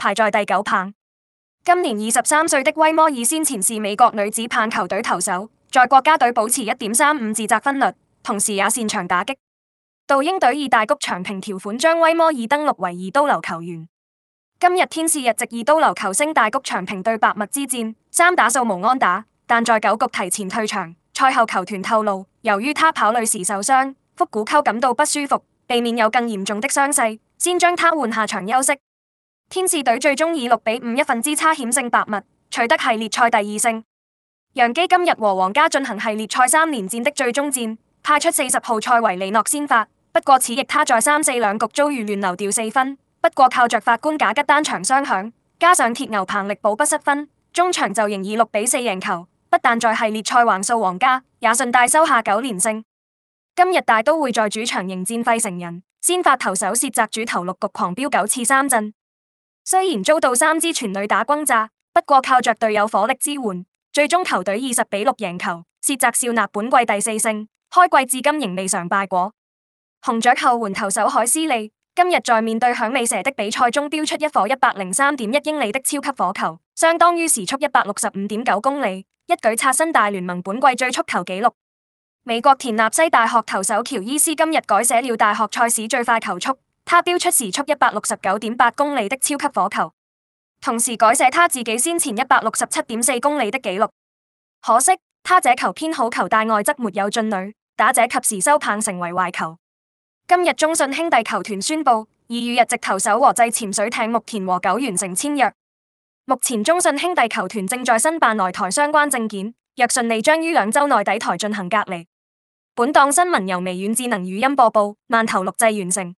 排在第九棒，今年二十三歲的威摩爾先前是美國女子棒球隊投手，在國家隊保持一點三五自責分率，同時也擅長打擊。渡鷹隊以大谷翔平條款將威摩爾登錄為二刀流球員。今日天使日籍二刀流球星大谷翔平對白襪之戰三打數無安打，但在九局提前退場。賽後球團透露，由於他跑壘時受傷，腹股溝感到不舒服，避免有更嚴重的傷勢，先將他換下場休息。天使隊最終以六比五一分之差險勝白襪，取得系列賽第二勝。洋基今日和皇家進行系列賽三連戰的最終戰，派出四十號賽維利諾先發，不過此役他在三四兩局遭遇亂流掉四分，不過靠着法官賈吉單場雙響，加上鐵牛棚力保不失分，中場就仍以六比四贏球，不但在系列賽橫掃皇家，也順帶收下九連勝。今日大都會在主場迎戰費城人，先發投手涉澤主投六局狂飆九次三振。雖然遭到三支全壘打轟炸，不過靠着隊友火力支援，最終球隊二十比六贏球，涉扎笑納本季第四勝，開季至今仍未嘗敗果。紅雀後援投手海斯利今日在面對響尾蛇的比賽中，飆出一顆一百零三點一英里的超級火球，相當於時速一百六十五點九公里，一舉刷新大聯盟本季最速球紀錄。美國田納西大學投手喬伊斯今日改寫了大學賽事最快球速。他飆出時速一百六十九點八公里的超級火球，同時改寫他自己先前一百六十七點四公里的紀錄。可惜他這球偏好球帶外側沒有進壘，打者及時收棒，成為壞球。今日中信兄弟球團宣布，已與日籍投手和製潛水艇牧田和久完成簽約。目前中信兄弟球團正在申辦來台相關證件，若順利將於兩周內抵台進行隔離。本檔新聞由微軟智能語音播報，慢頭錄製完成。